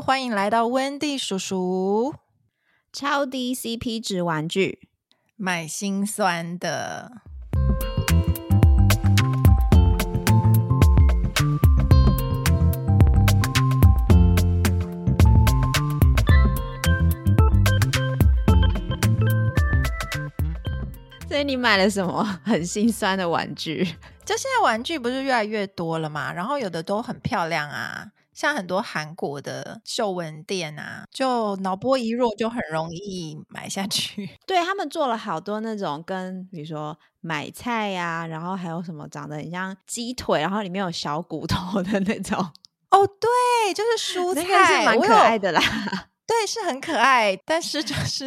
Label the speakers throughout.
Speaker 1: 歡迎來到 Wendy 叔叔，超低 CP 值玩具，買心酸的。所以你買了什麼很心酸的玩具？就現在玩具不是越來越多了嘛，然後有的都很漂亮啊。像很多韓國的秀文店啊，就腦波一弱就很容易買下去。對，他們做了好多那種跟，比如說買菜呀、啊，然後還有什麼長得很像雞腿，然後裡面有小骨頭的那種。哦，對，就是蔬菜，是蠻可愛的啦。對，是很可愛，但是就是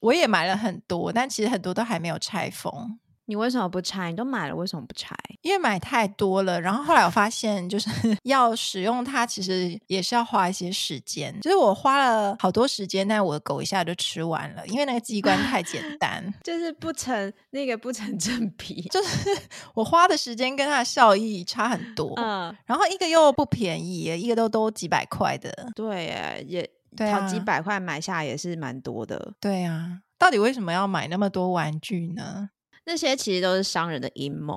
Speaker 1: 我也買了很多，但其實很多都還沒有拆封。你為什麼不拆？你都買了為什麼不拆？因為買太多了。然後後來我發現，就是要使用它，其實也是要花一些時間。就是我花了好多時間，但我的狗一下就吃完了，因為那個機關太簡單， 就是不成那個不成正比。就是我花的時間跟它的效益差很多。嗯，然後一個又不便宜，一個都都幾百塊的。對，也好、啊、好幾百塊買下也是蠻多的。對啊，到底為什麼要買那麼多玩具呢？那些其實都是商人的陰謀，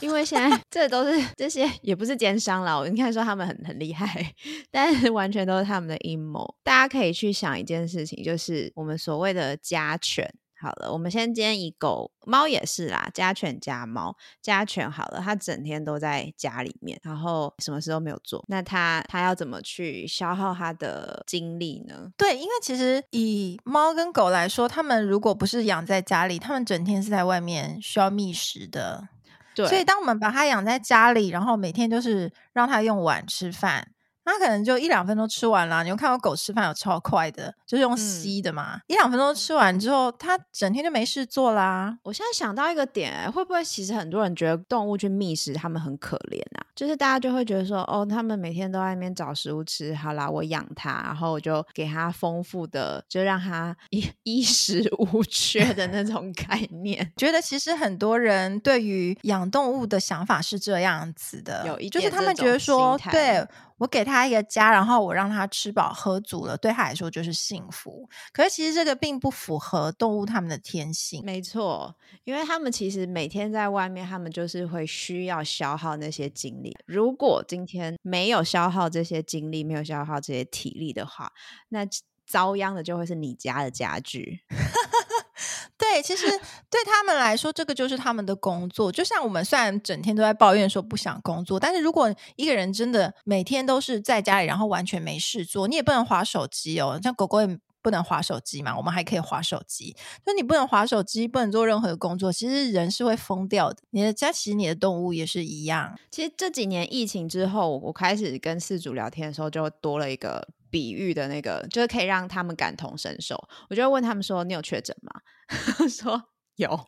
Speaker 1: 因為現在這都是這些也不是奸商啦，我應該說他們很很厲害，但是完全都是他們的陰謀。大家可以去想一件事情，就是我們所謂的家犬。好了，我們先今天以狗貓也是啦，家犬家貓，家犬好了，它整天都在家裡面，然後什麼事都沒有做，那它它要怎麼去消耗它的精力呢？對，因為其實以貓跟狗來說，它們如果不是養在家裡，它們整天是在外面需要覓食的。對，所以當我們把它養在家裡，然後每天就是讓它用碗吃飯。他可能就一兩分鐘吃完啦。你有，有看過狗吃飯有超快的，就是用吸的嘛，嗯、一兩分鐘吃完之後，它整天就沒事做啦。我現在想到一個點，會不會其實很多人覺得動物去覓食，它們很可憐啊？就是大家就會覺得說，哦，它們每天都在外面找食物吃，好啦，我養它，然後我就給它豐富的，就讓它衣衣食無缺的那種概念。 覺得其實很多人對於養動物的想法是這樣子的，有一點就是他們覺得說，對。我給他一個家，然後我讓他吃飽喝足了，對他來說就是幸福。可是其實這個並不符合動物他們的天性。沒錯，因為他們其實每天在外面，他們就是會需要消耗那些精力。如果今天沒有消耗這些精力，沒有消耗這些體力的話，那遭殃的就會是你家的家具。 對，其實對他們來說，這個就是他們的工作。就像我們雖然整天都在抱怨說不想工作，但是如果一個人真的每天都是在家裡，然後完全沒事做，你也不能滑手機哦。像狗狗也不能滑手機嘛，我們還可以滑手機。就你不能滑手機，不能做任何的工作，其實人是會瘋掉的。你的家，其實你的動物也是一樣。其實這幾年疫情之後，我開始跟飼主聊天的時候，就多了一個。比喻的那個，就是可以讓他們感同身受。我就問他們說：“你有確診嗎？” 說有、哦。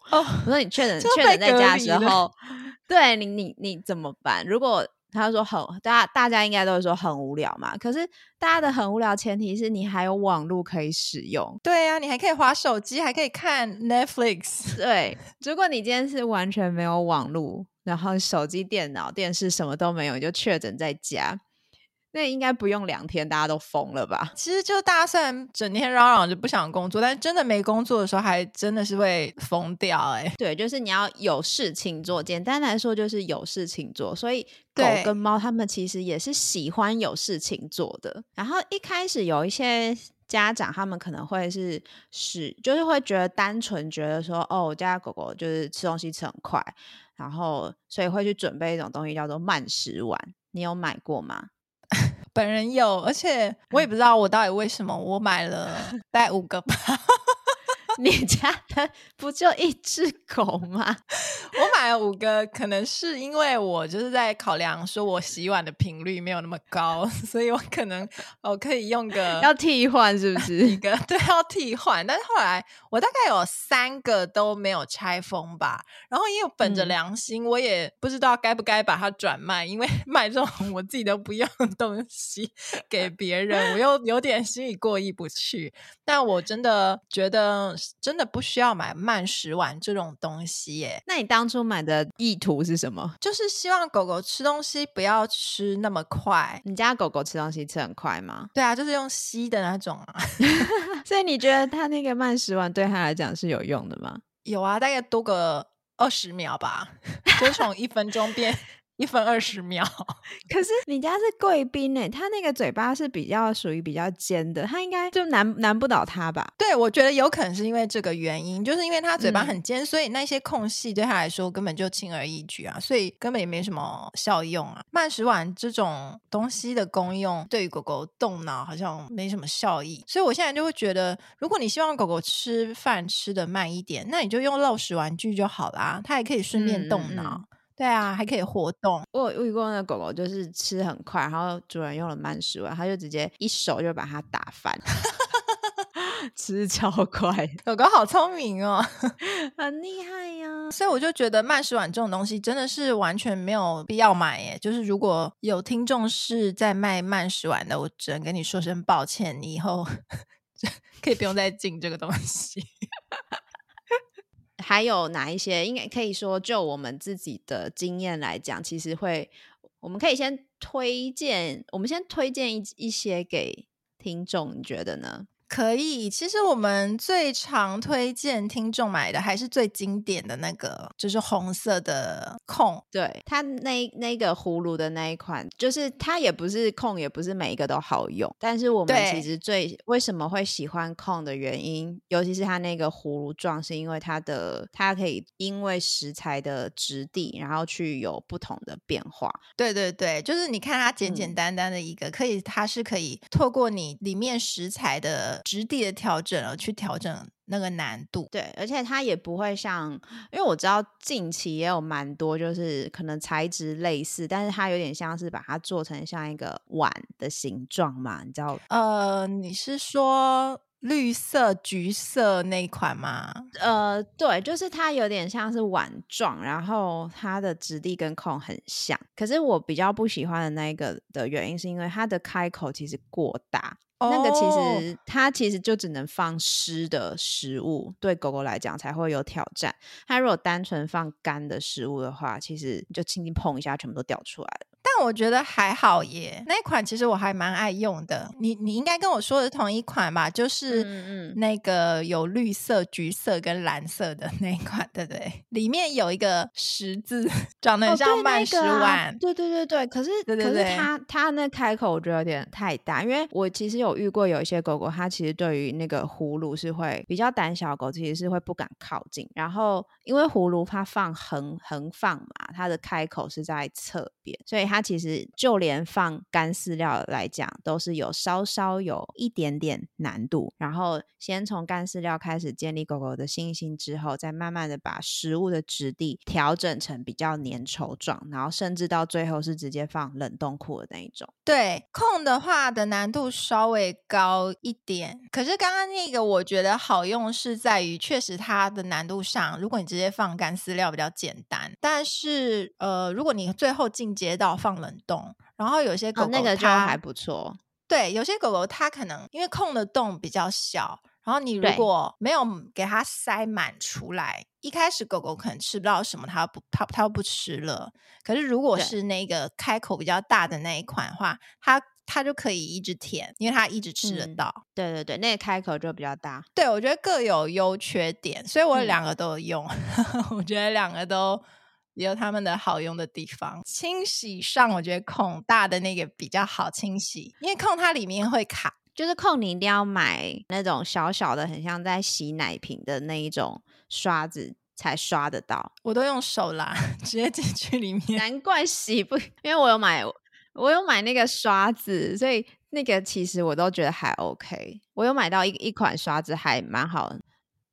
Speaker 1: 我說：“你確診 確診在家的時候，對你你你怎麼辦？”如果他說很，大大家應該都會說很無聊嘛。可是大家的很無聊前提是你還有網絡可以使用。對呀、啊，你還可以滑手機，還可以看 Netflix。對，如果你今天是完全沒有網絡，然後手機、電腦、電視什麼都沒有，你就確診在家。那應該不用兩天，大家都瘋了吧？其實就大家雖然整天嚷嚷着不想工作，但真的沒工作的時候，還真的是會瘋掉哎、欸。對，就是你要有事情做。簡單來說，就是有事情做。所以狗跟貓，它們其實也是喜歡有事情做的。對然後一開始有一些家長，他們可能會是是，就是會覺得單純覺得說，哦，我家狗狗就是吃東西吃很快，然後所以會去準備一種東西叫做慢食碗。你有買過嗎？本人有，而且我也不知道我到底為什麼，我買了帶五個吧。 你家的不就一隻狗嗎？ 我買了五個，可能是因為我就是在考量，說我洗碗的頻率沒有那麼高，所以我可能我、哦、可以用個 要替換，是不是？一個，對，要替換。但是後來我大概有三個都沒有拆封吧，然後因為本着良心，我也不知道該不該把它轉賣，因為賣這種我自己都不用的東西給別人， 我又有點心裡過意不去。但我真的覺得。真的不需要買慢食碗這種東西耶？那你當初買的意圖是什麼？就是希望狗狗吃東西不要吃那麼快。你家狗狗吃東西吃很快嗎？對啊，就是用吸的那種、啊。 所以你覺得它那個慢食碗對他來講是有用的嗎？有啊，大概多個二十秒吧，就從 一分鐘變。 一分二十秒， 可是你家是貴賓哎，他那個嘴巴是比較屬於比較尖的，他應該就難難不倒他吧？對，我覺得有可能是因為這個原因，就是因為他嘴巴很尖，嗯、所以那些空隙對他來說根本就輕而易舉啊，所以根本也沒什麼效用啊。慢食碗這種東西的功用，對於狗狗動腦好像沒什麼效益，所以我現在就會覺得，如果你希望狗狗吃飯吃得慢一點，那你就用漏食玩具就好啦，它也可以順便動腦。嗯嗯對啊，還可以活動。我有遇過那狗狗就是吃很快，然後主人用了慢食碗，它就直接一手就把它打翻， 吃超快。狗狗好聰明哦， 很厲害呀，啊。所以我就覺得慢食碗這種東西真的是完全沒有必要買耶。就是如果有聽眾是在賣慢食碗的，我只能跟你說聲抱歉，你以後可以不用再進這個東西。 還有哪一些應該可以說，就我們自己的經驗來講，其實會，我們可以先推薦，我們先推薦一一些給聽眾，你覺得呢？可以，其實我們最常推薦聽眾買的還是最經典的那個，就是紅色的 Kong，對，它那那個葫蘆的那一款，就是它也不是 Kong，也不是每一個都好用。但是我們其實最對為什麼會喜歡 Kong 的原因，尤其是它那個葫蘆狀，是因為它的它可以因為食材的質地，然後去有不同的變化。對對對，就是你看它簡簡單單，單的一個，嗯、可以它是可以透過你裡面食材的。質地的調整而去調整那個難度。對，而且它也不會像，因為我知道近期也有蠻多，就是可能材質類似，但是它有點像是把它做成像一個碗的形狀嘛，你知道？呃，你是說綠色、橘色那一款嗎？呃，對，就是它有點像是碗狀，然後它的質地跟孔很像。可是我比較不喜歡的那一個的原因，是因為它的開口其實過大。那個其實，oh. 它其實就只能放濕的食物，對狗狗來講才會有挑戰。它如果單純放乾的食物的話，其實就輕輕碰一下，全部都掉出來了。我覺得還好耶，那款其實我還蠻愛用的。你你應該跟我說的同一款吧？就是嗯嗯，那個有綠色、橘色跟藍色的那一款，對不對？裡面有一個十字，長得很像麥氏萬。哦對那個啊。對對對對，可是對對對，可是它它那開口我覺得有點太大，因為我其實有遇過有一些狗狗，它其實對於那個葫蘆是會比較膽小狗，狗其實是會不敢靠近。然後因為葫蘆它放橫橫放嘛，它的開口是在側邊，所以它其實其實就連放乾飼料來講，都是有稍稍有一點點難度。然後先從乾飼料開始建立狗狗的信心之後，再慢慢的把食物的質地調整成比較粘稠狀，然後甚至到最後是直接放冷凍庫的那一種。對，控的話的難度稍微高一點，可是剛剛那個我覺得好用是在於，確實它的難度上，如果你直接放乾飼料比較簡單，但是呃，如果你最後進階到放冷凍，然後有些狗狗它、哦那個、就還不錯。對，有些狗狗它可能因為空的洞比較小，然後你如果沒有給它塞滿出來，對一開始狗狗可能吃不到什麼它，它不它它不吃了。可是如果是那個開口比較大的那一款的話，對它它就可以一直舔，因為它一直吃得到。嗯、對對對，那個開口就比較大。對，我覺得各有優缺點，所以我兩個都有用，嗯、 我覺得兩個都。也有他們的好用的地方。清洗上我覺得孔大的那個比較好清洗，因為孔它裡面會卡，就是孔你一定要買那種小小的，很像在洗奶瓶的那一種刷子才刷得到。我都用手拉，直接進去裡面，難怪洗不。因為我有買，我有買那個刷子，所以那個其實我都覺得還 OK，我有買到一一款刷子還蠻好。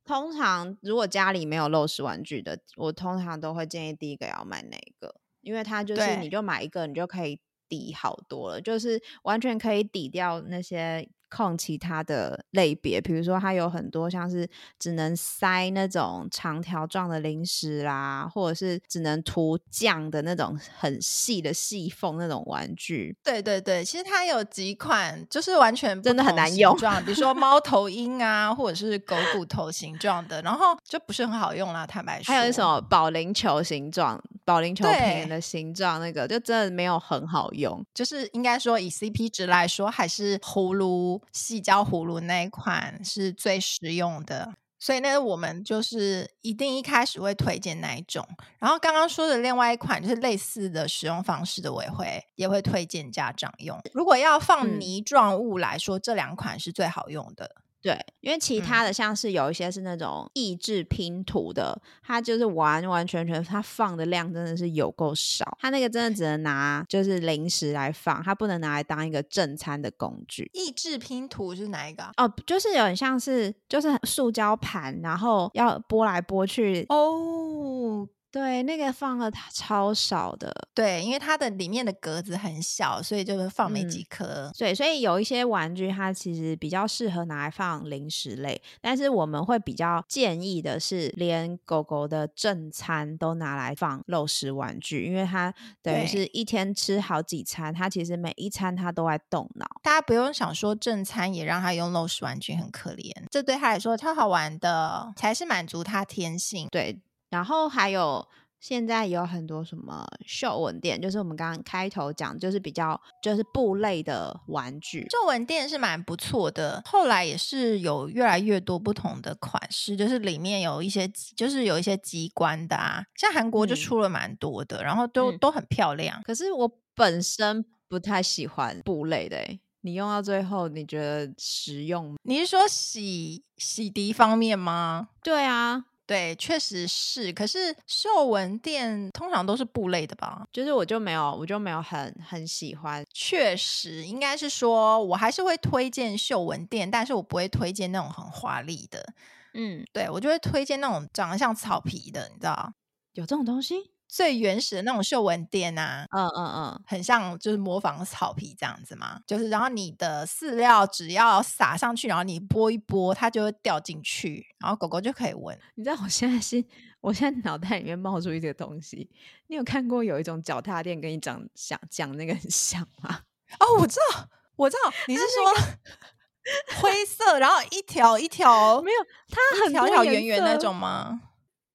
Speaker 1: 通常如果家裡沒有漏食玩具的，我通常都會建議第一個要買哪一個，因為它就是你就買一個，你就可以抵好多了，就是完全可以抵掉那些。控其他的類別，比如說它有很多像是只能塞那種長條狀的零食啦，或者是只能塗醬的那種很細的細縫那種玩具。對對對，其實它有幾款就是完全真的很難用，形狀，比如說貓頭鷹啊，或者是狗骨頭形狀的， 然後就不是很好用啦，坦白說，還有一種保齡球形狀、保齡球瓶的形狀，那個對就真的沒有很好用。就是應該說以 CP 值來說，還是葫蘆。矽膠葫蘆那一款是最實用的，所以呢，我們就是一定一開始會推薦那一種。然後剛剛說的另外一款就是類似的使用方式的，我也會也會推薦家長用。如果要放泥狀物來說，嗯、這兩款是最好用的。對，因為其他的像是有一些是那種益智拼圖的，它、嗯、就是完完全全它放的量真的是有夠少，它那個真的只能拿就是零食來放，它不能拿來當一個正餐的工具。益智拼圖是哪一個？哦，就是有點像是就是塑膠盤，然後要撥來撥去。哦。對，那個放了超少的，對，因為它的裡面的格子很小，所以就放沒幾顆。嗯、對，所以有一些玩具，它其實比較適合拿來放零食類。但是我們會比較建議的是，連狗狗的正餐都拿來放漏食玩具，因為它等於是一天吃好幾餐，對它其實每一餐它都在動腦。大家不用想說正餐也讓它用漏食玩具，很可憐。這對它來說超好玩的，才是滿足它天性。對。然後還有，現在有很多什麼嗅聞墊，就是我們剛剛開頭講，就是比較就是布類的玩具，嗅聞墊是蠻不錯的。後來也是有越來越多不同的款式，就是裡面有一些就是有一些機關的啊，像韓國就出了蠻多的，嗯、然後都、嗯、都很漂亮。可是我本身不太喜歡布類的、欸，你用到最後你覺得實用嗎？你是說洗洗滌方面嗎？對啊。對，確實是。可是嗅聞墊通常都是布類的吧？就是我就沒有，我就沒有很很喜歡。確實，應該是說我還是會推薦嗅聞墊，但是我不會推薦那種很華麗的。嗯，對，我就會推薦那種長得像草皮的，你知道有這種東西？最原始的那種嗅聞墊啊，嗯嗯嗯，嗯嗯很像就是模仿草皮這樣子嘛，就是然後你的飼料只要撒上去，然後你撥一撥，它就會掉進去，然後狗狗就可以聞。你知道我現在是，我現在腦袋裡面冒出一個東西，你有看過有一種腳踏墊跟你講想講那個很像嗎？哦，我知道，我知道， 你是說灰色， 然後一條一條， 沒有，它很，條條圓圓那種嗎？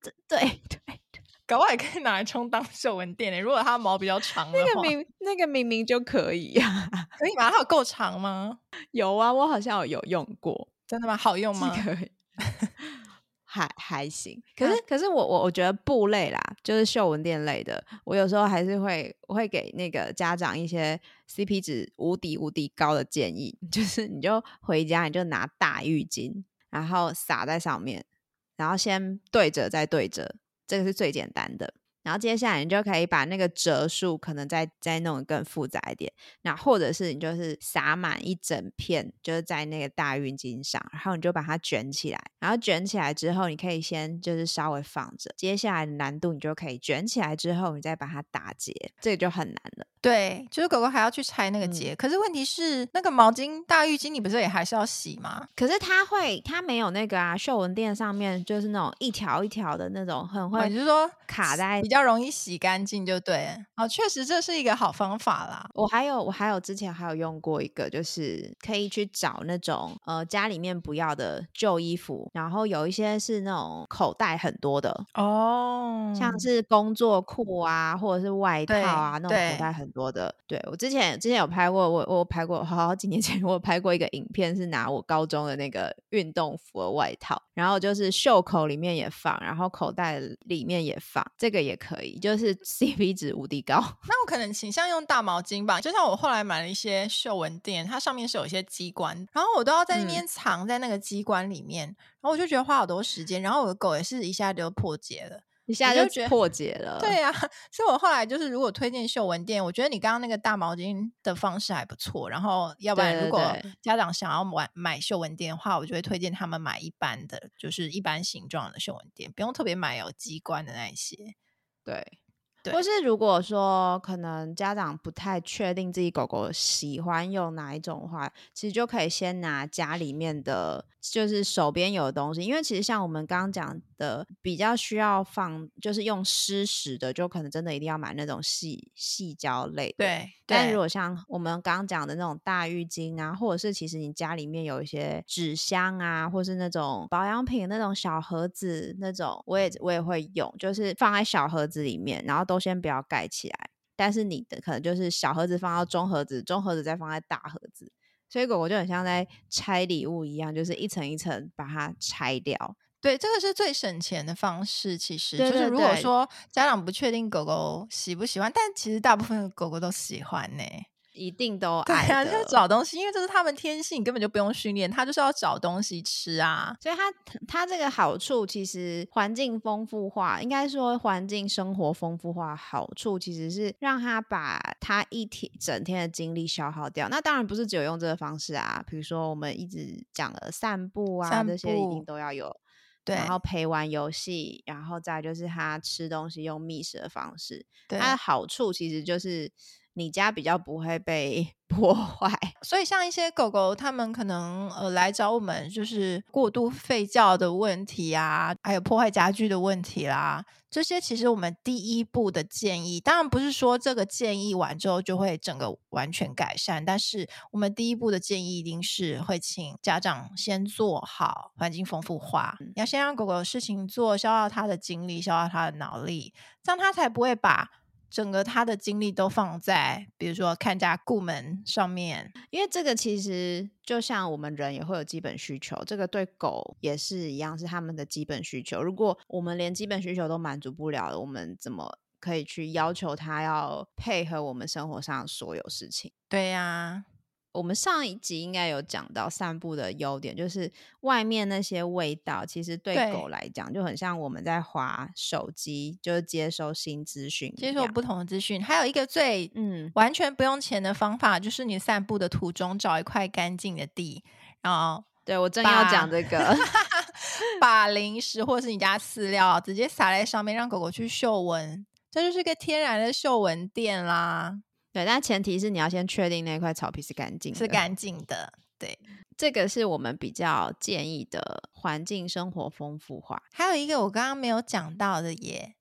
Speaker 1: 對對 對。對搞不好也可以拿來充當嗅聞墊咧、欸，如果它毛比較長的話，那個明那個明明就可以呀、啊。你毛夠長嗎？有啊，我好像有用過，真的嗎？好用嗎？可以， 還還行。可是、啊、可是我我我覺得布類啦，就是嗅聞墊類的，我有時候還是會我會給那個家長一些 CP 值無敵無敵高的建議，就是你就回家你就拿大浴巾，然後撒在上面，然後先對折再對折。這個是最簡單的。然後接下來你就可以把那個折數可能再再弄得更複雜一點，那或者是你就是撒滿一整片，就是在那個大浴巾上，然後你就把它捲起來，然後捲起來之後，你可以先就是稍微放着。接下來難度你就可以捲起來之後，你再把它打結，這個就很難了。對，就是狗狗還要去拆那個結。嗯、可是問題是，那個毛巾大浴巾你不是也還是要洗嗎？可是它會，它沒有那個啊，嗅聞墊，上面就是那種一條一條的那種，很會、啊，你就是說卡在？要容易洗乾淨就對，哦，確實，這是一個好方法啦。我還有，我還有之前還有用過一個，就是可以去找那種呃家裡面不要的舊衣服，然後有一些是那種口袋很多的哦，像是工作褲啊或者是外套啊對那種口袋很多的。對，對我之前之前有拍過，我我拍過好幾年前我拍過一個影片，是拿我高中的那個運動服的外套，然後就是袖口裡面也放，然後口袋裡面也放，這個也。可以，就是 CP 值無敵高。 那我可能傾向用大毛巾吧，就像我後來買了一些嗅聞墊，它上面是有一些機關，然後我都要在那邊藏在那個機關裡面，嗯、然後我就覺得花好多時間。然後我的狗也是一下就破解了，一下就，就破解了。對呀、啊，所以我後來就是如果推薦嗅聞墊，我覺得你剛剛那個大毛巾的方式還不錯。然後要不然，如果家長想要買買嗅聞墊的話，我就會推薦他們買一般的，就是一般形狀的嗅聞墊，不用特別買有機關的那一些。對，對，或是如果說可能家長不太確定自己狗狗喜歡用哪一種的話，其實就可以先拿家裡面的。就是手邊有東西，因為其實像我們剛剛講的，比較需要放，就是用濕食的，就可能真的一定要買那種細細膠類的對。對，但如果像我們剛剛講的那種大浴巾啊，或者是其實你家裡面有一些紙箱啊，或者是那種保養品那種小盒子，那種我也我也會用，就是放在小盒子裡面，然後都先不要蓋起來。但是你的可能就是小盒子放到中盒子，中盒子再放在大盒子。所以狗狗就很像在拆禮物一樣，就是一層一層把它拆掉。對，這個是最省錢的方式，其實，對對對，就是如果說家長不確定狗狗喜不喜歡，但其實大部分的狗狗都喜歡呢、欸。一定都愛呀，就、啊、是找東西，因為這是他們天性，根本就不用訓練，他就是要找東西吃啊。所以他他這個好處，其實環境豐富化，應該說環境生活豐富化，好處其實是讓他把他一天整天的精力消耗掉。那當然不是只有用這個方式啊，比如說我們一直講的散步啊，散步這些一定都要有。對然後陪玩遊戲，然後再就是他吃東西用覓食的方式。它對的好處其實就是你家比較不會被破壞。所以，像一些狗狗，它們可能呃來找我們，就是過度吠叫的問題啊，還有破壞家具的問題啦。這些其實我們第一步的建議，當然不是說這個建議完之後就會整個完全改善，但是我們第一步的建議一定是會請家長先做好環境豐富化，你、嗯、要先讓狗狗有事情做，消耗它的精力，消耗它的腦力，這樣它才不會把。整個他的精力都放在，比如說看家顧門上面，因為這個其實就像我們人也會有基本需求，這個對狗也是一樣，是他們的基本需求。如果我們連基本需求都滿足不了，我們怎麼可以去要求它要配合我們生活上所有事情？對呀、啊。我們上一集應該有講到散步的優點，就是外面那些味道，其實對狗來講就很像我們在滑手機，對就是接收新資訊，接收不同的資訊。還有一個最嗯完全不用錢的方法，就是你散步的途中找一塊乾淨的地，然後對，我正要講這個， 把零食或是你家飼料直接撒在上面，讓狗狗去嗅聞，這就是個天然的嗅聞墊啦。對，但前提是你要先確定那塊草皮是乾淨的，是乾淨的。對，這個是我們比較建議的環境生活豐富化。還有一個我剛剛沒有講到的耶，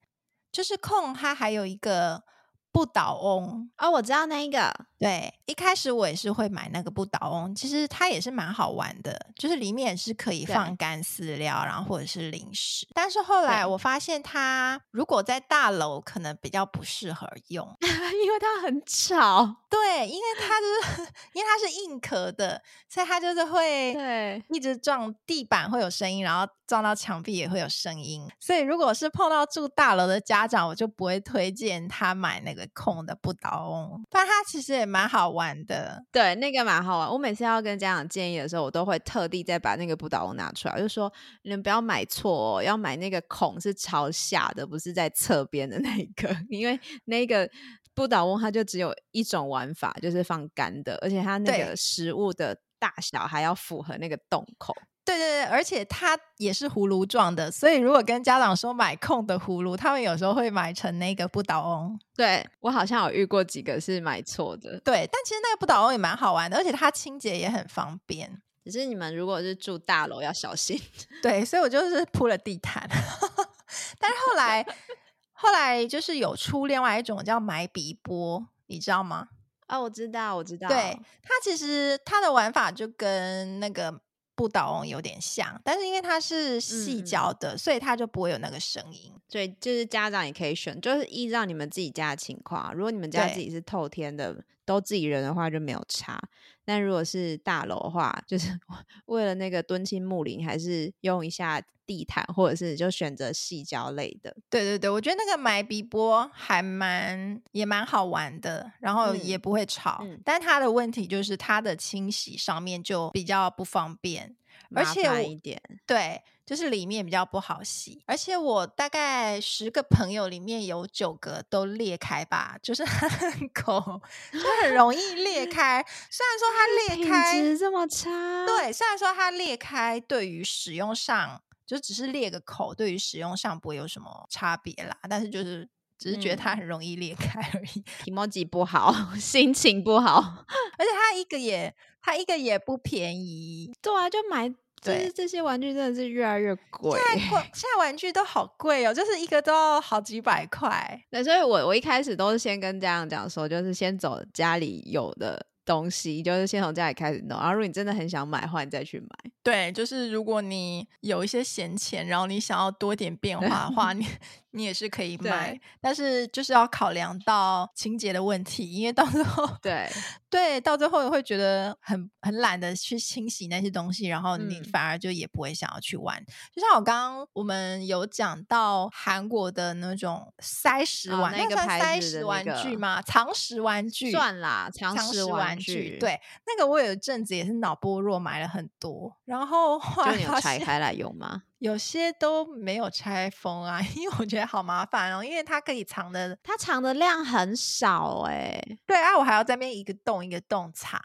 Speaker 1: 就是空它還有一個不倒翁。哦，我知道那一個，對。一開始我也是會買那個不倒翁，其實它也是蠻好玩的，就是裡面也是可以放乾飼料，對然後或者是零食。但是後來我發現，它如果在大樓可能比較不適合用，因為它很吵。對，因為它就是因為它是硬殼的，所以它就是會，對，一直撞地板會有聲音，然後撞到牆壁也會有聲音。所以如果是碰到住大樓的家長，我就不會推薦他買那個空的不倒翁。但它其實也蠻好玩，玩的，對那個蠻好玩。我每次要跟家長建議的時候，我都會特地再把那個不倒翁拿出來，就說你們不要買錯哦，要買那個孔是朝下的，不是在側邊的那一個。因為那個不倒翁，它就只有一種玩法，就是放乾的，而且它那個食物的大小還要符合那個洞口。對對對，而且它也是葫蘆狀的，所以如果跟家長說買空的葫蘆，他們有時候會買成那個不倒翁。對，我好像有遇過幾個是買錯的。對，但其實那個不倒翁也蠻好玩的，而且它清潔也很方便。只是你們如果是住大樓，要小心。 對，所以我就是鋪了地毯。 但是後來， 後來就是有出另外一種叫買筆波，你知道嗎？哦，我知道，我知道。對它，他其實它的玩法就跟那個。不倒翁有點像，但是因為它是細腳的，嗯、所以它就不會有那個聲音。所以就是家長也可以選，就是依照你們自己家的情況。如果你們家自己是透天的，都自己人的話就沒有差，但如果是大樓的話，就是為了那個敦親睦鄰，還是用一下地毯，或者是就選擇矽膠類的。對對對，我覺得那個買鼻波還蠻也蠻好玩的，然後也不會吵，嗯、但它的問題就是它的清洗上面就比較不方便，
Speaker 2: 麻煩一
Speaker 1: 點，而且，對。就是裡面比較不好洗，而且我大概十個朋友裡面有九個都裂開吧，就是很很口，就很容易裂開。 雖然說它裂開這麼差，對，雖然說它裂開對於使用上就只是裂個口，對於使用上不會有什麼差別啦，但是就是只是覺得它很容易裂開而已。皮毛機不好， 心情不好， 而且它一個也，它一個也不便宜。對啊，就買。就是這些玩具真的是越來越貴，對現在現在玩具都好貴哦、喔，就是一個都要好幾百塊。那所以我，我我一開始都是先跟家長講說，就是先走家裡有的東西，就是先從家裡開始弄。然後，如果你真的很想買的話，話你再去買。對，就是如果你有一些閒錢，然後你想要多點變化的話，你。 你也是可以買，對但是就是要考量到清潔的問題，因為到最後，對對，到最後也會覺得很很懶得去清洗那些東西，然後你反而就也不會想要去玩。嗯、就像我剛剛我們有講到韓國的那種塞食玩，那個塞食玩具嗎？藏食玩具算啦，藏食玩具。玩具，對，那個我有一陣子也是腦波弱買了很多，然後就你有拆開來用嗎？ 有些都沒有拆封啊，因為我覺得好麻煩哦，因為它可以藏的，它藏的量很少欸。對啊，我還要在那邊一個洞一個洞藏。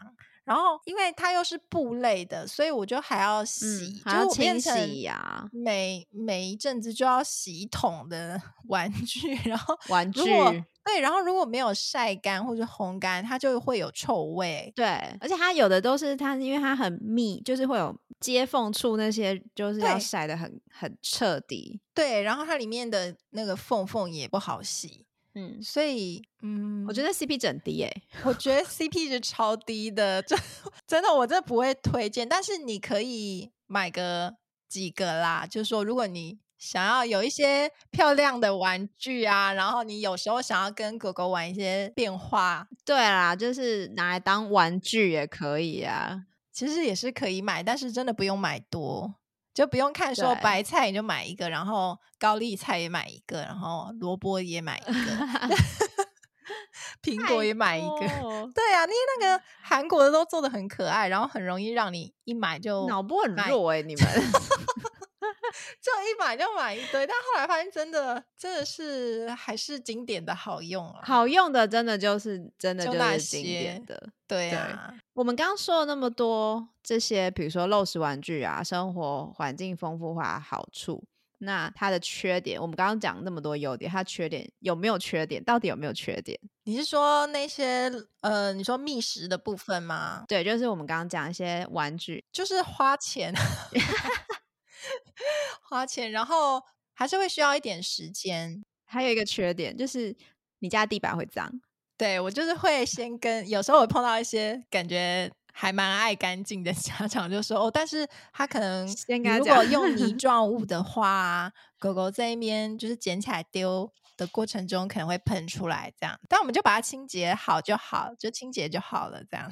Speaker 1: 然後，因為它又是布類的，所以我就還要洗，嗯、就我變成每、還要清洗啊、每一陣子就要洗一桶的玩具。然後如果玩具對，然後如果沒有曬乾或者烘乾，它就會有臭味。對，而且它有的都是它，因為它很密，就是會有接縫處那些，就是要曬得很對很徹底。對，然後它裡面的那個縫縫也不好洗。嗯，所以嗯，我覺得 CP 很低誒、欸，我覺得 CP 是超低的，真真的，我真的不會推薦。但是你可以買個幾個啦，就是說，如果你想要有一些漂亮的玩具啊，然後你有時候想要跟狗狗玩一些變化，對啦，就是拿來當玩具也可以啊。其實也是可以買，但是真的不用買多。就不用看，說白菜你就買一個，對然後高麗菜也買一個，然後蘿蔔也買一個， 蘋果也買一個。多對呀、啊，你那個韓國的都做的很可愛，然後很容易讓你一買就買腦波很弱哎、欸，你們。 就 一買就買一堆，但後來發現真的，真的是還是經典的好用啊，好用的真的就是真的就是經典的，對啊。對我們剛剛說了那麼多這些，比如說漏食玩具啊，生活環境豐富化好處，那它的缺點，我們剛剛講那麼多優點，它缺點有沒有缺點？到底有沒有缺點？你是說那些，呃，你說覓食的部分嗎？對，就是我們剛剛講一些玩具，就是花錢。 花錢，然後還是會需要一點時間。還有一個缺點就是，你家地板會髒。對，我就是會先跟，有時候我碰到一些感覺還蠻愛乾淨的家長，就說哦，但是他可能先如果用泥狀物的話， 狗狗在一邊就是撿起來丟的過程中，可能會噴出來這樣。但我們就把它清潔好就好，就清潔就好了這樣。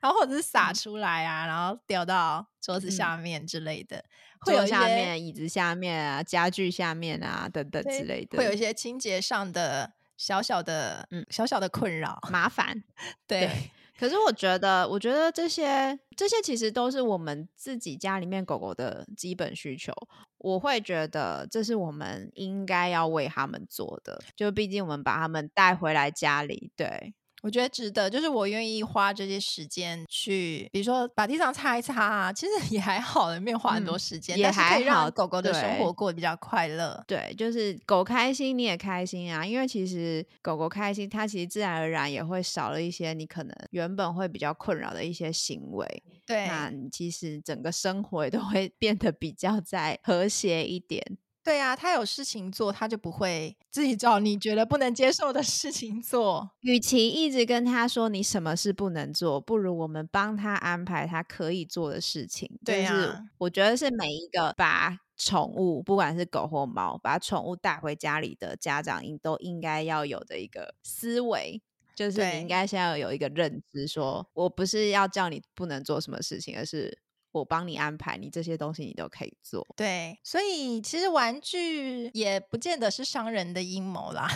Speaker 1: 然後或者是撒出來啊，嗯、然後掉到桌子下面之類的。嗯坐會有下面椅子下面啊，家具下面啊等等之類的，會有一些清潔上的小小的嗯小小的困擾、嗯、麻煩， 對。對 可是我覺得，我覺得這些這些其實都是我們自己家裡面狗狗的基本需求，我會覺得這是我們應該要為他們做的，就畢竟我們把他們帶回來家裡，對。我覺得值得，就是我願意花這些時間去，比如說把地上擦一擦啊，其實也還好，沒有花很多時間，嗯、也還可以讓狗狗的生活過得比較快樂，對。對，就是狗開心你也開心啊，因為其實狗狗開心，它其實自然而然也會少了一些你可能原本會比較困擾的一些行為。對，那你其實整個生活也都會變得比較再和諧一點。對呀，他有事情做，他就不會自己找你覺得不能接受的事情做。與其一直跟他說你什麼事不能做，不如我們幫他安排他可以做的事情。對呀，我覺得是每一個把寵物，不管是狗或貓，把寵物帶回家裡的家長應都應該要有的一個思維，就是你應該先要有一個認知說，說對我不是要叫你不能做什麼事情，而是。我幫你安排，你這些東西你都可以做。對，所以其實玩具也不見得是商人的陰謀啦，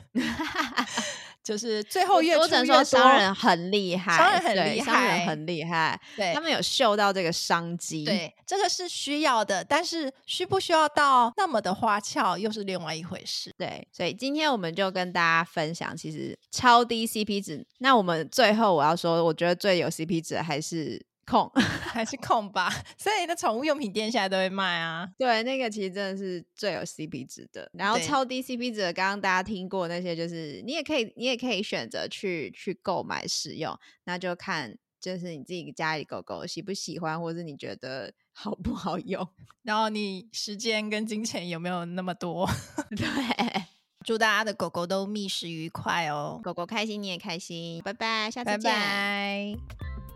Speaker 1: 就是最後越做越多，商人很厲害，商人很厲害，商人很厲害，對，他們有嗅到這個商機，對，這個是需要的，但是需不需要到那麼的花俏又是另外一回事。對，所以今天我們就跟大家分享，其實超低 CP 值。那我們最後我要說，我覺得最有 CP 值還是。控還是控吧，所以你的寵物用品店現在都會賣啊。對，那個其實真的是最有 C P 值的。然後超低 C P 值的，剛剛大家聽過那些，就是你也可以，你也可以選擇去去購買使用，那就看就是你自己家裡狗狗喜不喜歡，或者你覺得好不好用，然後你時間跟金錢有沒有那麼多。對，祝大家的狗狗都覓食愉快哦，狗狗開心你也開心，拜拜，下次見。Bye bye